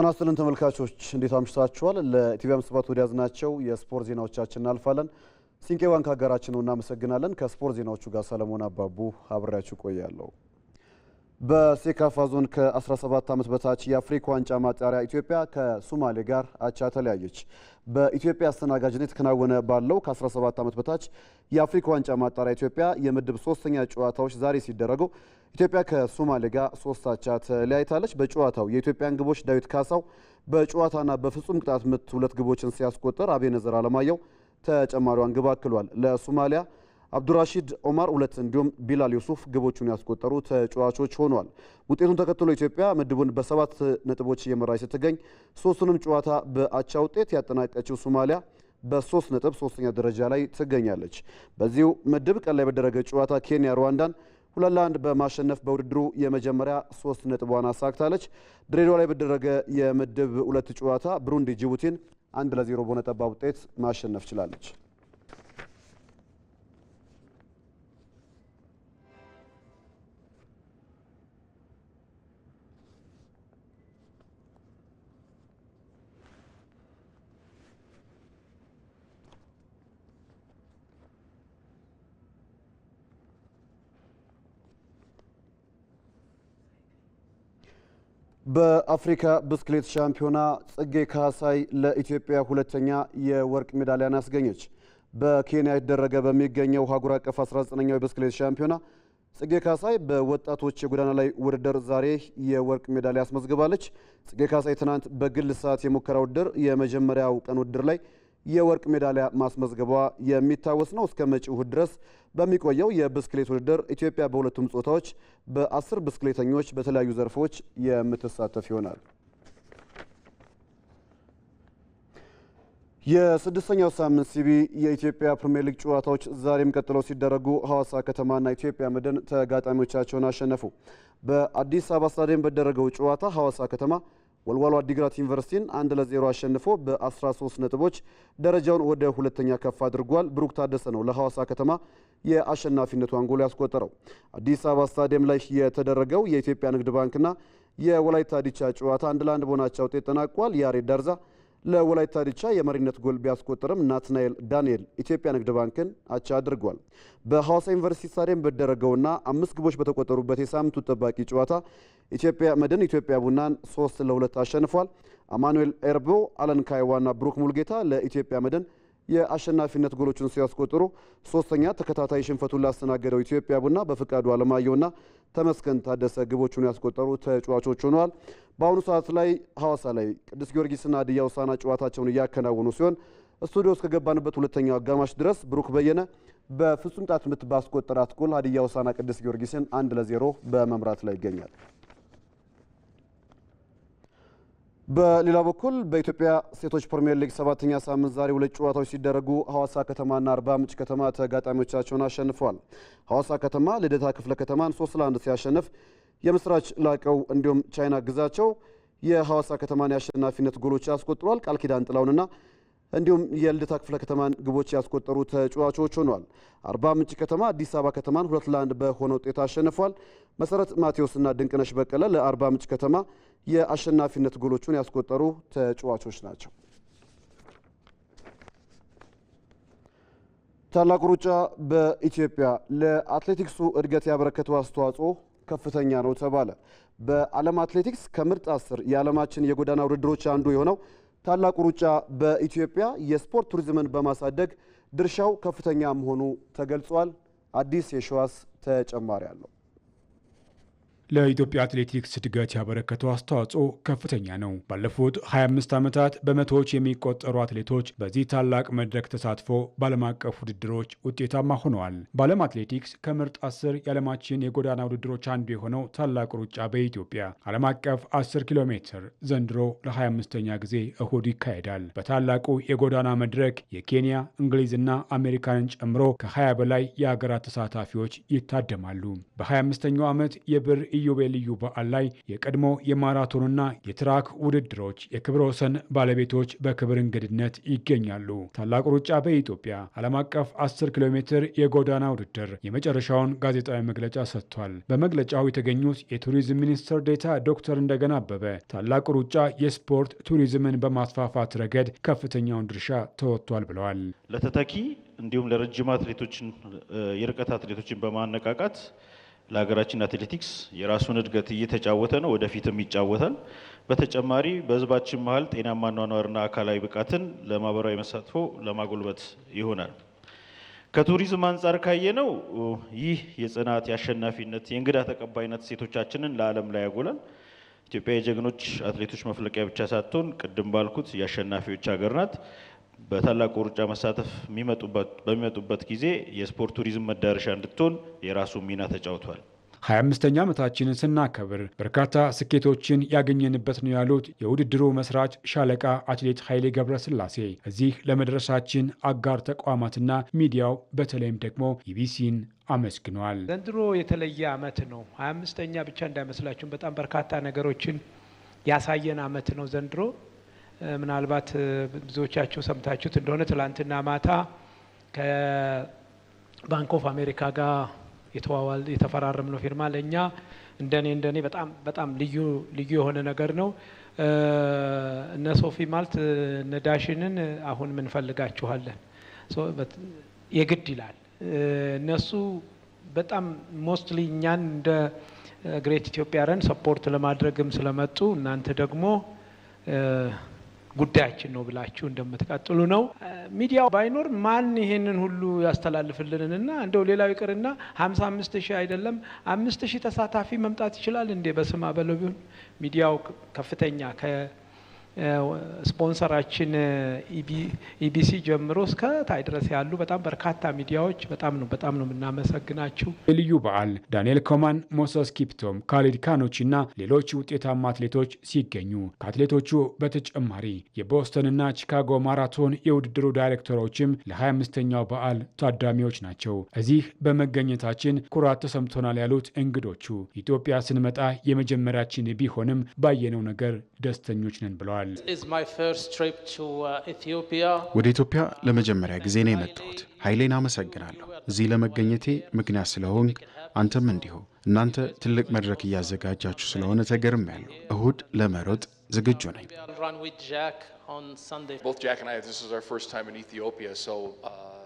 ጤና ይስጥልን ተመልካቾች እንዴት አምሽታችኋል? ለኢትዮጵያ አምስት ሰባት ወደ ያዝናቸው የስፖርት ዜናዎቻችን እናልፋለን። ሲንቄ ባንክ አጋራችን ነው፣ እናመሰግናለን። ከስፖርት ዜናዎቹ ጋር ሰለሞን አባቡ አብሬያችሁ ቆያለሁ። በሴካፋ ዞን ከ17 ዓመት በታች የአፍሪካ ዋንጫ ማጣሪያ ኢትዮጵያ ከሶማሌ ጋር አቻ ተለያየች። በኢትዮጵያ አስተናጋጅነት የተከናወነ ባለው ከ17 ዓመት በታች የአፍሪካ ዋንጫ ማጣሪያ ኢትዮጵያ የምድብ ሶስተኛ ጨዋታዎች ዛሬ ሲደረጉ ኢትዮጵያ ከሶማሌ ጋር ሶስት አቻ ተለያይታለች። በጨዋታው የኢትዮጵያን ግቦች ዳዊት ካሳው በጨዋታና በፍጹም ቅጣት ምት ሁለት ግቦችን ሲያስቆጠር አቤነዘር አለማየሁ ተጨማሪዋን ግብ አክሏል። ለሶማሊያ አብዱራሺድ ኦማር ሁለት እንዲሁም ቢላል ዩሱፍ ግቦቹን ያስቆጠሩ ተጫዋቾች ሆኗል። ውጤቱን ተከትሎ ኢትዮጵያ ምድቡን በሰባት ነጥቦች እየመራች ስትገኝ ሶስቱንም ጨዋታ በአቻ ውጤት ያጠናቀችው ሶማሊያ በሶስት ነጥብ ሶስተኛ ደረጃ ላይ ትገኛለች። በዚሁ ምድብ ቀን ላይ በደረገ ጨዋታ ኬንያ ሩዋንዳን ሁለት ለአንድ በማሸነፍ በውድድሩ የመጀመሪያ ሶስት ነጥቧን አሳክታለች። ድሬዳዋ ላይ በደረገ የምድብ ሁለት ጨዋታ ብሩንዲ ጅቡቲን አንድ ለዜሮ በሆነ ጠባብ ውጤት ማሸነፍ ችላለች። በአፍሪካ ብስክሌት ሻምፒዮና ጽጌ ካሳይ ለኢትዮጵያ ሁለተኛ የወርቅ ሜዳሊያን አስገኘች። በኬንያ የተደረገ በሚገኘው አህጉር አቀፍ 19ኛው የብስክሌት ሻምፒዮና ጽጌ ካሳይ በወጣቶች የጎዳና ላይ ውድድር ዛሬ የወርቅ ሜዳሊያ አስመዝግባለች። ጽጌ ካሳይ ትናንት በግል ሰዓት የሙከራ ውድድር የመጀመሪያው ቀን ውድድር ላይ የወርቅ ሜዳሊያ ማስመዝገቧ የሚታወስ ነው። እስከ መጪው እሁድ ድረስ በሚቆየው የብስክሌት ውድድር ኢትዮጵያ በሁለቱም ጾታዎች በአስር ብስክሌተኞች በተለያዩ ዘርፎች የምትሳተፍ ይሆናል። የስድስተኛው ሳምንት ሲቢ የኢትዮጵያ ፕሪምየር ሊግ ጨዋታዎች ዛሬም ቀጥለው ሲደረጉ ሐዋሳ ከተማና ኢትዮጵያ መድን ተጋጣሚዎቻቸውን አሸነፉ። በአዲስ አበባ ስታዲየም በደረገው ጨዋታ ሐዋሳ ከተማ ወልዋሎ አዲግራት ዩኒቨርሲቲን አንድ ለዜሮ አሸንፎ በ13 ነጥቦች ደረጃውን ወደ ሁለተኛ ከፍ አድርጓል። ብሩክ ታደሰ ነው ለሐዋሳ ከተማ የአሸናፊነቷን ጎል ያስቆጠረው። አዲስ አበባ ስታዲየም ላይ የተደረገው የኢትዮጵያ ንግድ ባንክና የወላይታ ዲቻ ጨዋታ አንድ ለአንድ በሆናቸው ውጤት ተጠናቋል። ያሬድ ዳርዛ ለወላይታ ዲቻ የመሪነት ጎል ቢያስቆጥርም ናትናኤል ዳንኤል ኢትዮጵያ ንግድ ባንክን አቻ አድርጓል። በሐዋሳ ዩኒቨርሲቲ ስታዲየም በደረገውና አምስት ግቦች በተቆጠሩበት የሳምንቱ ጠባቂ ጨዋታ ኢትዮጵያ መድን ኢትዮጵያ ቡናን ሶስት ለሁለት አሸንፏል። አማኑኤል ኤርቦ፣ አለን ካይዋና ብሩክ ሙልጌታ ለኢትዮጵያ መድን የአሸናፊነት ጎሎቹን ሲያስቆጥሩ ሶስተኛ ተከታታይ ሽንፈቱን ላስተናገደው ኢትዮጵያ ቡና በፍቃዱ አለማየሁና ተመስገን ታደሰ ግቦቹን ያስቆጠሩ ተጫዋቾች ሆነዋል። በአሁኑ ሰዓት ላይ ሐዋሳ ላይ ቅዱስ ጊዮርጊስና ሀዲያ ሆሳዕና ጨዋታቸውን እያከናወኑ ሲሆን ስቱዲዮ እስከገባንበት ሁለተኛው አጋማሽ ድረስ ብሩክ በየነ በፍጹም ቅጣት ምት ባስቆጠራት ጎል ሀዲያ ሆሳዕና ቅዱስ ጊዮርጊስን አንድ ለዜሮ በመምራት ላይ ይገኛል። በሌላ በኩል በኢትዮጵያ ሴቶች ፕሪሚየር ሊግ ሰባተኛ ሳምንት ዛሬ ሁለት ጨዋታዎች ሲደረጉ ሐዋሳ ከተማና አርባ ምንጭ ከተማ ተጋጣሚዎቻቸውን አሸንፈዋል። ሐዋሳ ከተማ ልደታ ክፍለ ከተማን ሶስት ለአንድ ሲያሸንፍ የምስራች ላቀው እንዲሁም ቻይና ግዛቸው የሐዋሳ ከተማን የአሸናፊነት ጎሎች አስቆጥሯል። ቃል ኪዳን ጥላውንና እንዲሁም የልደታ ክፍለ ከተማን ግቦች ያስቆጠሩ ተጫዋቾች ሆኗል። አርባ ምንጭ ከተማ አዲስ አበባ ከተማን ሁለት ለአንድ በሆነ ውጤት አሸንፏል። መሰረት ማቴዎስና ድንቅነሽ በቀለ ለአርባ ምንጭ ከተማ የአሸናፊነት ጎሎቹን ያስቆጠሩ ተጫዋቾች ናቸው። ታላቁ ሩጫ በኢትዮጵያ ለአትሌቲክሱ እድገት ያበረከተው አስተዋጽኦ ከፍተኛ ነው ተባለ። በዓለም አትሌቲክስ ከምርጥ አስር የዓለማችን የጎዳና ውድድሮች አንዱ የሆነው ታላቁ ሩጫ በኢትዮጵያ የስፖርት ቱሪዝምን በማሳደግ ድርሻው ከፍተኛ መሆኑ ተገልጿል። አዲስ የሸዋስ ተጨማሪ አለው። ለኢትዮጵያ አትሌቲክስ እድገት ያበረከተው አስተዋጽኦ ከፍተኛ ነው። ባለፉት 25 ዓመታት በመቶዎች የሚቆጠሩ አትሌቶች በዚህ ታላቅ መድረክ ተሳትፎ በዓለም አቀፍ ውድድሮች ውጤታማ ሆነዋል። በዓለም አትሌቲክስ ከምርጥ አስር የዓለማችን የጎዳና ውድድሮች አንዱ የሆነው ታላቅ ሩጫ በኢትዮጵያ ዓለም አቀፍ 10 ኪሎ ሜትር ዘንድሮ ለ25ኛ ጊዜ እሁድ ይካሄዳል። በታላቁ የጎዳና መድረክ የኬንያ እንግሊዝና አሜሪካንን ጨምሮ ከ20 በላይ የአገራት ተሳታፊዎች ይታደማሉ። በ25ኛው ዓመት የብር ኢዮቤልዩ በዓል ላይ የቀድሞ የማራቶንና የትራክ ውድድሮች የክብረ ወሰን ባለቤቶች በክብር እንግድነት ይገኛሉ። ታላቁ ሩጫ በኢትዮጵያ ዓለም አቀፍ 10 ኪሎ ሜትር የጎዳና ውድድር የመጨረሻውን ጋዜጣዊ መግለጫ ሰጥቷል። በመግለጫው የተገኙት የቱሪዝም ሚኒስትር ዴታ ዶክተር እንደገና አበበ ታላቁ ሩጫ የስፖርት ቱሪዝምን በማስፋፋት ረገድ ከፍተኛውን ድርሻ ተወጥቷል ብለዋል። ለተተኪ እንዲሁም ለረጅም አትሌቶችን የርቀት አትሌቶችን በማነቃቃት ለሀገራችን አትሌቲክስ የራሱን እድገት እየተጫወተ ነው፣ ወደፊትም ይጫወታል። በተጨማሪ በህዝባችን መሀል ጤናማ ኗኗርና አካላዊ ብቃትን ለማህበራዊ መሳትፎ ለማጎልበት ይሆናል። ከቱሪዝም አንጻር ካየነው ይህ የጽናት የአሸናፊነት፣ የእንግዳ ተቀባይነት እሴቶቻችንን ለዓለም ላይ ያጎላል። ኢትዮጵያ የጀግኖች አትሌቶች መፍለቂያ ብቻ ሳትሆን ቅድም ባልኩት የአሸናፊዎች ሀገር ናት። በታላቁ ሩጫ መሳተፍ በሚመጡበት ጊዜ የስፖርት ቱሪዝም መዳረሻ እንድትሆን የራሱ ሚና ተጫውቷል። አምስተኛ ዓመታችንን ስናከብር በርካታ ስኬቶችን ያገኘንበት ነው ያሉት የውድድሩ መስራች ሻለቃ አትሌት ኃይሌ ገብረስላሴ እዚህ ለመድረሳችን አጋር ተቋማትና ሚዲያው በተለይም ደግሞ ኢቢሲን አመስግኗል። ዘንድሮ የተለየ ዓመት ነው። 25ኛ ብቻ እንዳይመስላችሁም በጣም በርካታ ነገሮችን ያሳየን ዓመት ነው ዘንድሮ ምናልባት ብዙዎቻችሁ ሰምታችሁት እንደሆነ ትላንትና ማታ ከባንክ ኦፍ አሜሪካ ጋር የተዋዋል ነው ፊርማ ለእኛ እንደኔ እንደኔ በጣም በጣም ልዩ ልዩ የሆነ ነገር ነው። እነ ሶፊ ማልት እነ ዳሽንን አሁን ምንፈልጋችኋለን የግድ ይላል። እነሱ በጣም ሞስትሊ እኛን እንደ ግሬት ኢትዮጵያ ረን ሰፖርት ለማድረግም ስለመጡ እናንተ ደግሞ ጉዳያችን ነው ብላችሁ እንደምትቀጥሉ ነው። ሚዲያው ባይኖር ማን ይሄንን ሁሉ ያስተላልፍልንና እንደው ሌላው ይቅርና ሀምሳ አምስት ሺህ አይደለም አምስት ሺህ ተሳታፊ መምጣት ይችላል እንዴ? በስማ በለው ቢሆን ሚዲያው ከፍተኛ ስፖንሰራችን ኢቢሲ ጀምሮ እስከ ታይ ድረስ ያሉ በጣም በርካታ ሚዲያዎች በጣም ነው በጣም ነው የምናመሰግናችሁ። የልዩ በዓል ዳንኤል ኮማን፣ ሞሰስ ኪፕቶም፣ ካሊድ ካኖች እና ሌሎች ውጤታማ አትሌቶች ሲገኙ ከአትሌቶቹ በተጨማሪ የቦስተንና ቺካጎ ማራቶን የውድድሩ ዳይሬክተሮችም ለ25ኛው በዓል ታዳሚዎች ናቸው። እዚህ በመገኘታችን ኩራት ተሰምቶናል ያሉት እንግዶቹ ኢትዮጵያ ስንመጣ የመጀመሪያችን ቢሆንም ባየነው ነገር ደስተኞች ነን ብለዋል። ይላል። uh, ወደ ኢትዮጵያ ለመጀመሪያ ጊዜ ነው የመጣሁት። ኃይሌን አመሰግናለሁ። እዚህ ለመገኘቴ ምክንያት ስለሆንክ አንተም እንዲሁ። እናንተ ትልቅ መድረክ እያዘጋጃችሁ ስለሆነ ተገርሜያለሁ። እሁድ ለመሮጥ ዝግጁ ነኝ። uh,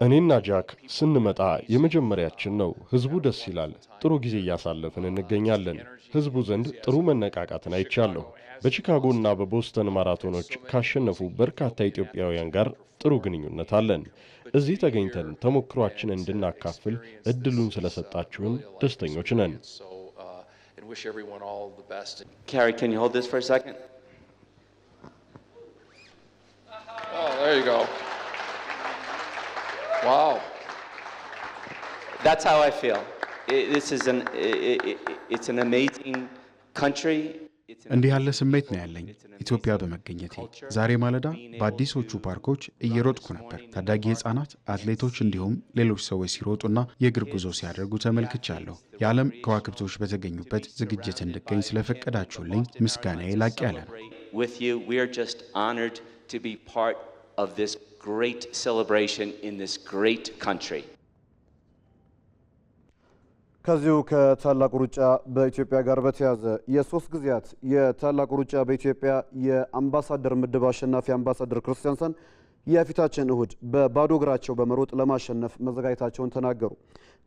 እኔና ጃክ ስንመጣ የመጀመሪያችን ነው። ህዝቡ ደስ ይላል። ጥሩ ጊዜ እያሳለፍን እንገኛለን። ህዝቡ ዘንድ ጥሩ መነቃቃትን አይቻለሁ። እና በቦስተን ማራቶኖች ካሸነፉ በርካታ ኢትዮጵያውያን ጋር ጥሩ ግንኙነት አለን። እዚህ ተገኝተን ተሞክሯችን እንድናካፍል እድሉን ስለሰጣችሁን ደስተኞች ነን። oh, country እንዲህ ያለ ስሜት ነው ያለኝ ኢትዮጵያ በመገኘቴ። ዛሬ ማለዳ በአዲሶቹ ፓርኮች እየሮጥኩ ነበር። ታዳጊ ህጻናት፣ አትሌቶች እንዲሁም ሌሎች ሰዎች ሲሮጡና የእግር ጉዞ ሲያደርጉ ተመልክቻለሁ። የዓለም ከዋክብቶች በተገኙበት ዝግጅት እንድገኝ ስለፈቀዳችሁልኝ ምስጋና ላቅ ያለ ነው። ከዚሁ ከታላቁ ሩጫ በኢትዮጵያ ጋር በተያዘ የሶስት ጊዜያት የታላቁ ሩጫ በኢትዮጵያ የአምባሳደር ምድብ አሸናፊ አምባሳደር ክርስቲያንሰን የፊታችን እሁድ በባዶ እግራቸው በመሮጥ ለማሸነፍ መዘጋጀታቸውን ተናገሩ።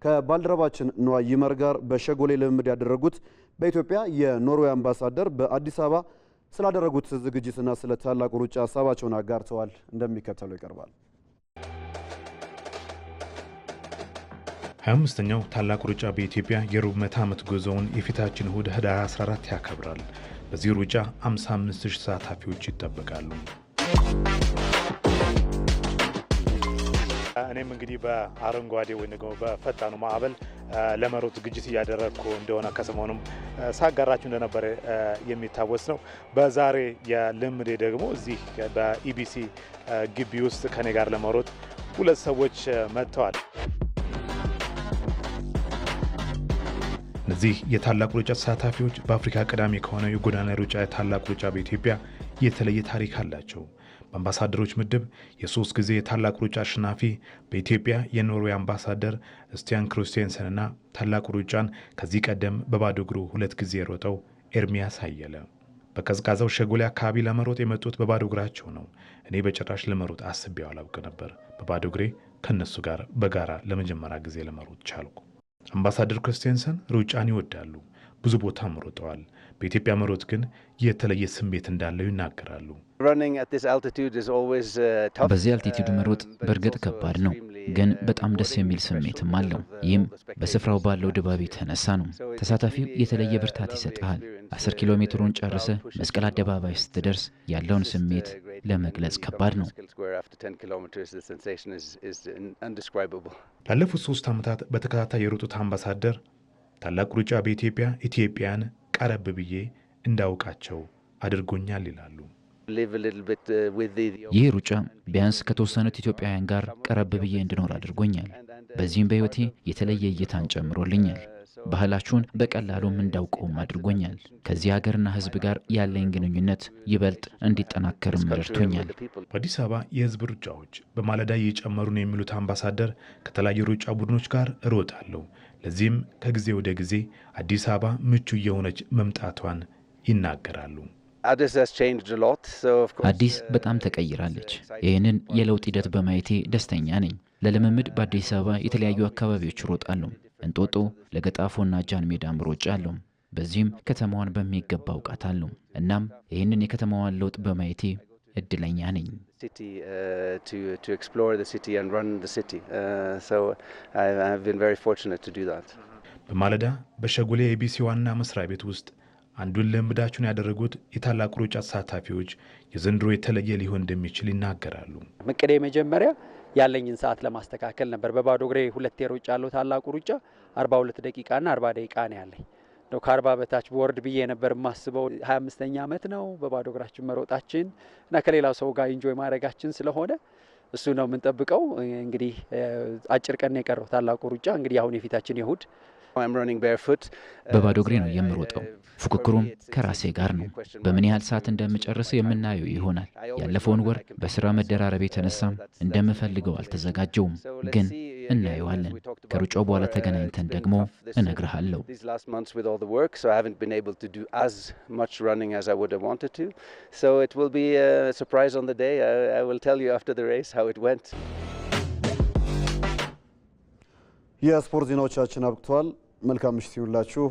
ከባልደረባችን ነዋ ይመር ጋር በሸጎሌ ልምምድ ያደረጉት በኢትዮጵያ የኖርዌይ አምባሳደር በአዲስ አበባ ስላደረጉት ዝግጅትና ስለ ታላቁ ሩጫ ሀሳባቸውን አጋርተዋል። እንደሚከተለው ይቀርባል። 25ኛው ታላቅ ሩጫ በኢትዮጵያ የሩብ ምዕተ ዓመት ጉዞውን የፊታችን እሁድ ህዳር 14 ያከብራል። በዚህ ሩጫ 55000 ተሳታፊዎች ይጠበቃሉ። እኔም እንግዲህ በአረንጓዴ ወይም ደግሞ በፈጣኑ ማዕበል ለመሮጥ ዝግጅት እያደረግኩ እንደሆነ ከሰሞኑም ሳጋራችሁ እንደነበረ የሚታወስ ነው። በዛሬ የልምዴ ደግሞ እዚህ በኢቢሲ ግቢ ውስጥ ከኔ ጋር ለመሮጥ ሁለት ሰዎች መጥተዋል። እነዚህ የታላቁ ሩጫ ተሳታፊዎች በአፍሪካ ቀዳሚ ከሆነው የጎዳና ሩጫ የታላቁ ሩጫ በኢትዮጵያ የተለየ ታሪክ አላቸው። በአምባሳደሮች ምድብ የሶስት ጊዜ የታላቅ ሩጫ አሸናፊ በኢትዮጵያ የኖርዌይ አምባሳደር ስቲያን ክሪስቴንሰንና ታላቅ ሩጫን ከዚህ ቀደም በባዶ እግሩ ሁለት ጊዜ የሮጠው ኤርሚያስ አየለ በቀዝቃዛው ሸጎሌ አካባቢ ለመሮጥ የመጡት በባዶ እግራቸው ነው። እኔ በጭራሽ ለመሮጥ አስቤው አላውቅ ነበር። በባዶ እግሬ ከእነሱ ጋር በጋራ ለመጀመሪያ ጊዜ ለመሮጥ ቻልኩ። አምባሳደር ክርስቲያንሰን ሩጫን ይወዳሉ። ብዙ ቦታም ሮጠዋል። በኢትዮጵያ መሮጥ ግን የተለየ ስሜት እንዳለው ይናገራሉ። uh, በዚህ አልቲቱድ መሮጥ በእርግጥ ከባድ ነው፣ ግን በጣም ደስ የሚል ስሜትም አለው። ይህም በስፍራው ባለው ድባብ የተነሳ ነው። ተሳታፊው የተለየ ብርታት ይሰጠሃል። አስር ኪሎ ሜትሩን ጨርሰ መስቀል አደባባይ ስትደርስ ያለውን ስሜት ለመግለጽ ከባድ ነው። ላለፉት ሶስት ዓመታት በተከታታይ የሮጡት አምባሳደር ታላቁ ሩጫ በኢትዮጵያ ኢትዮጵያን ቀረብ ብዬ እንዳውቃቸው አድርጎኛል ይላሉ። ይህ ሩጫ ቢያንስ ከተወሰኑት ኢትዮጵያውያን ጋር ቀረብ ብዬ እንድኖር አድርጎኛል። በዚህም በሕይወቴ የተለየ እይታን ጨምሮልኛል። ባህላችሁን በቀላሉ እንዳውቀውም አድርጎኛል። ከዚህ ሀገርና ህዝብ ጋር ያለኝ ግንኙነት ይበልጥ እንዲጠናከርም ረድቶኛል። በአዲስ አበባ የህዝብ ሩጫዎች በማለዳ እየጨመሩ ነው የሚሉት አምባሳደር ከተለያዩ ሩጫ ቡድኖች ጋር እሮጣለሁ። ለዚህም ከጊዜ ወደ ጊዜ አዲስ አበባ ምቹ እየሆነች መምጣቷን ይናገራሉ። አዲስ በጣም ተቀይራለች። ይህንን የለውጥ ሂደት በማየቴ ደስተኛ ነኝ። ለልምምድ በአዲስ አበባ የተለያዩ አካባቢዎች እሮጣለሁ። እንጦጦ ለገጣፎና ጃን ሜዳም ሮጬ በዚህም ከተማዋን በሚገባ አውቃታለሁ። እናም ይህንን የከተማዋን ለውጥ በማየቴ እድለኛ ነኝ። uh, uh, በማለዳ በሸጉሌ የቢሲ ዋና መስሪያ ቤት ውስጥ አንዱን ልምዳችሁን ያደረጉት የታላቁ ሩጫ ተሳታፊዎች የዘንድሮ የተለየ ሊሆን እንደሚችል ይናገራሉ። መቀደ የመጀመሪያ ያለኝን ሰዓት ለማስተካከል ነበር። በባዶ እግሬ ሁለት ሩጫ ያለው ታላቁ ሩጫ 42 ደቂቃና 40 ደቂቃ ነው ያለኝ ነው ከአርባ በታች በወርድ ብዬ ነበር የማስበው። ሀያ አምስተኛ ዓመት ነው በባዶ እግራችን መሮጣችን እና ከሌላው ሰው ጋር ኢንጆይ ማድረጋችን ስለሆነ እሱ ነው የምንጠብቀው። እንግዲህ አጭር ቀን የቀረው ታላቁ ሩጫ እንግዲህ አሁን የፊታችን ይሁድ በባዶ እግሬ ነው uh, የምሮጠው። uh, ፉክክሩም ከራሴ ጋር ነው። በምን ያህል ሰዓት እንደምጨርሰው የምናየው ይሆናል። ያለፈውን ወር በስራ መደራረብ የተነሳም እንደምፈልገው አልተዘጋጀውም፣ ግን እናየዋለን። ከሩጫው በኋላ ተገናኝተን ደግሞ እነግርሃለሁ። የስፖርት ዜናዎቻችን አብቅተዋል። መልካም ምሽት ይሁንላችሁ።